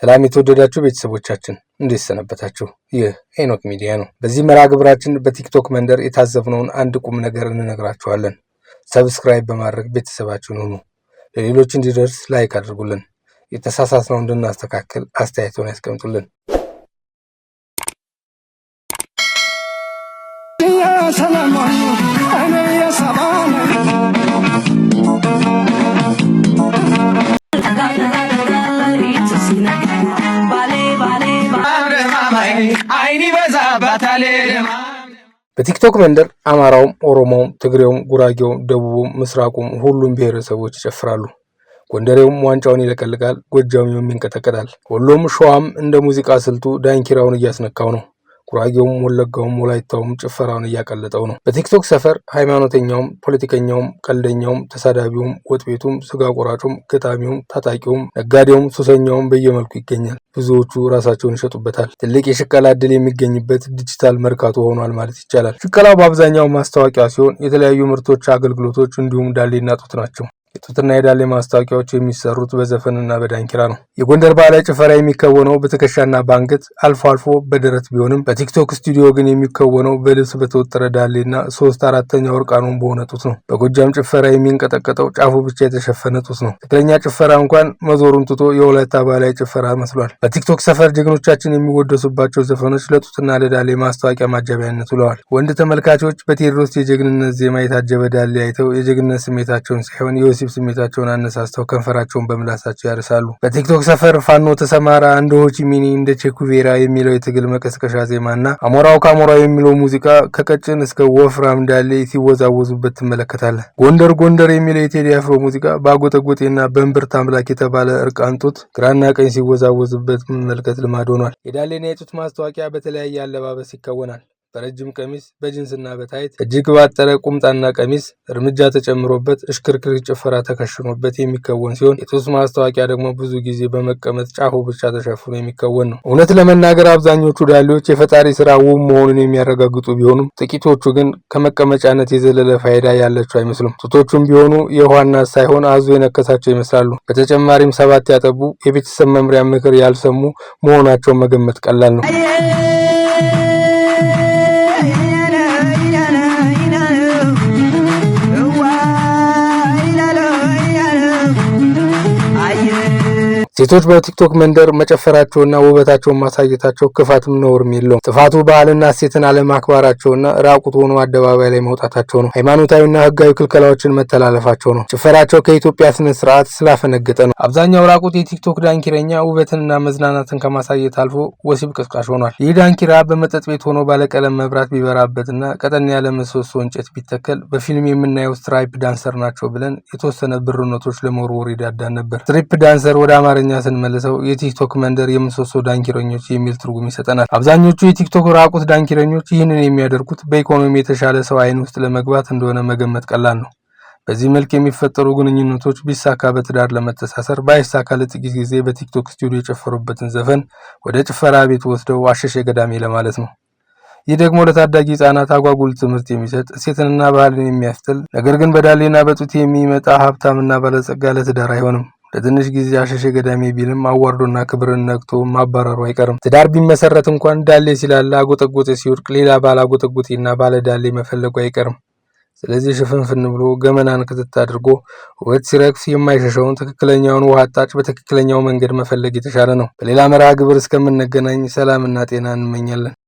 ሰላም የተወደዳችሁ ቤተሰቦቻችን እንዴት ሰነበታችሁ? ይህ ሄኖክ ሚዲያ ነው። በዚህ መርሃ ግብራችን በቲክቶክ መንደር የታዘብነውን አንድ ቁም ነገር እንነግራችኋለን። ሰብስክራይብ በማድረግ ቤተሰባችን ሁኑ። ለሌሎች እንዲደርስ ላይክ አድርጉልን። የተሳሳትነው እንድናስተካክል አስተያየቶን ያስቀምጡልን። ሰላም በቲክቶክ መንደር አማራውም፣ ኦሮሞውም፣ ትግሬውም፣ ጉራጌውም፣ ደቡቡም፣ ምስራቁም ሁሉም ብሔረሰቦች ይጨፍራሉ። ጎንደሬውም ዋንጫውን ይለቀልቃል፣ ጎጃሚውም ይንቀጠቀጣል፣ ወሎም ሸዋም እንደ ሙዚቃ ስልቱ ዳንኪራውን እያስነካው ነው። ጉራጌውም ወለጋውም ወላይታውም ጭፈራውን እያቀለጠው ነው። በቲክቶክ ሰፈር ሃይማኖተኛውም፣ ፖለቲከኛውም፣ ቀልደኛውም፣ ተሳዳቢውም፣ ወጥ ቤቱም፣ ስጋ ቆራጩም፣ ገጣሚውም፣ ታጣቂውም፣ ነጋዴውም፣ ሱሰኛውም በየመልኩ ይገኛል። ብዙዎቹ ራሳቸውን ይሸጡበታል። ትልቅ የሽቀላ እድል የሚገኝበት ዲጂታል መርካቶ ሆኗል ማለት ይቻላል። ሽቀላው በአብዛኛው ማስታወቂያ ሲሆን የተለያዩ ምርቶች፣ አገልግሎቶች እንዲሁም ዳሌና ጡት ናቸው። የጡትና የዳሌ ማስታወቂያዎች የሚሰሩት በዘፈንና በዳንኪራ ነው። የጎንደር ባህላዊ ጭፈራ የሚከወነው በትከሻና በአንገት አልፎ አልፎ በደረት ቢሆንም በቲክቶክ ስቱዲዮ ግን የሚከወነው በልብስ በተወጠረ ዳሌና ሶስት አራተኛ ወርቃኑን በሆነ ጡት ነው። በጎጃም ጭፈራ የሚንቀጠቀጠው ጫፉ ብቻ የተሸፈነ ጡት ነው። ትክክለኛ ጭፈራ እንኳን መዞሩን ትቶ የወላይታ ባህላዊ ጭፈራ መስሏል። በቲክቶክ ሰፈር ጀግኖቻችን የሚወደሱባቸው ዘፈኖች ለጡትና ለዳሌ ማስታወቂያ ማጀቢያነት ውለዋል። ወንድ ተመልካቾች በቴዎድሮስ የጀግንነት ዜማ የታጀበ ዳሌ አይተው የጀግንነት ስሜታቸውን ሳይሆን የወሲብ ስሜታቸውን አነሳስተው ከንፈራቸውን በምላሳቸው ያርሳሉ። በቲክቶክ ሰፈር ፋኖ ተሰማራ እንደ ሆቺሚኒ እንደ ቼኩቬራ የሚለው የትግል መቀስቀሻ ዜማ እና አሞራው ከአሞራው የሚለው ሙዚቃ ከቀጭን እስከ ወፍራም እንዳለ ሲወዛወዙበት ትመለከታለህ። ጎንደር ጎንደር የሚለው የቴዲ አፍሮ ሙዚቃ በአጎጠጎጤና በእምብርት አምላክ የተባለ እርቃን ጡት ግራና ቀኝ ሲወዛወዙበት መመልከት ልማድ ሆኗል። የዳሌና የጡት ማስታወቂያ በተለያየ አለባበስ ይከወናል። በረጅም ቀሚስ በጂንስና በታይት እጅግ ባጠረ ቁምጣና ቀሚስ እርምጃ ተጨምሮበት እሽክርክሪት ጭፈራ ተከሽኖበት የሚከወን ሲሆን የጡት ማስታወቂያ ደግሞ ብዙ ጊዜ በመቀመጥ ጫፉ ብቻ ተሸፍኖ የሚከወን ነው። እውነት ለመናገር አብዛኞቹ ዳሌዎች የፈጣሪ ስራ ውብ መሆኑን የሚያረጋግጡ ቢሆኑም ጥቂቶቹ ግን ከመቀመጫነት የዘለለ ፋይዳ ያለቸው አይመስሉም። ጡቶቹም ቢሆኑ የውሃና ሳይሆን አዞ የነከሳቸው ይመስላሉ። በተጨማሪም ሰባት ያጠቡ የቤተሰብ መምሪያ ምክር ያልሰሙ መሆናቸው መገመት ቀላል ነው። ሴቶች በቲክቶክ መንደር መጨፈራቸውና ውበታቸውን ማሳየታቸው ክፋትም ነውርም የለውም። ጥፋቱ ባህልና እሴትን አለማክባራቸውና ራቁት ሆኖ አደባባይ ላይ መውጣታቸው ነው። ሃይማኖታዊና ህጋዊ ክልከላዎችን መተላለፋቸው ነው። ጭፈራቸው ከኢትዮጵያ ስነ ስርዓት ስላፈነገጠ ነው። አብዛኛው ራቁት የቲክቶክ ዳንኪረኛ ውበትንና መዝናናትን ከማሳየት አልፎ ወሲብ ቅስቃሽ ሆኗል። ይህ ዳንኪራ በመጠጥ ቤት ሆኖ ባለቀለም መብራት ቢበራበትና ቀጠን ያለ ምሰሶ እንጨት ቢተከል በፊልም የምናየው ስትራይፕ ዳንሰር ናቸው ብለን የተወሰነ ብርነቶች ለመወርወር ይዳዳን ነበር። ስትሪፕ ዳንሰር ወደ አማርኛ ስንመልሰው የቲክቶክ መንደር የምሰሶ ዳንኪረኞች የሚል ትርጉም ይሰጠናል። አብዛኞቹ የቲክቶክ ራቁት ዳንኪረኞች ይህንን የሚያደርጉት በኢኮኖሚ የተሻለ ሰው አይን ውስጥ ለመግባት እንደሆነ መገመት ቀላል ነው። በዚህ መልክ የሚፈጠሩ ግንኙነቶች ቢሳካ በትዳር ለመተሳሰር፣ ባይሳካ ለጥቂት ጊዜ በቲክቶክ ስቱዲዮ የጨፈሩበትን ዘፈን ወደ ጭፈራ ቤት ወስደው አሸሸ ገዳሜ ለማለት ነው። ይህ ደግሞ ለታዳጊ ህጻናት አጓጉል ትምህርት የሚሰጥ ሴትንና ባህልን የሚያስጥል ነገር ግን በዳሌና በጡት የሚመጣ ሀብታምና ባለጸጋ ለትዳር አይሆንም። ለትንሽ ጊዜ አሸሼ ገዳሜ ቢልም አዋርዶና ክብርን ነክቶ ማባረሩ አይቀርም። ትዳር ቢመሰረት እንኳን ዳሌ ሲላለ አጎጠጎጤ ሲወድቅ ሌላ ባለ አጎጠጎጤና ባለ ዳሌ መፈለጉ አይቀርም። ስለዚህ ሽፍንፍን ብሎ ገመናን ክትት አድርጎ ውበት ሲረግፍ የማይሸሸውን ትክክለኛውን ውሃ አጣጭ በትክክለኛው መንገድ መፈለግ የተሻለ ነው። በሌላ መርሃ ግብር እስከምንገናኝ ሰላምና ጤና እንመኛለን።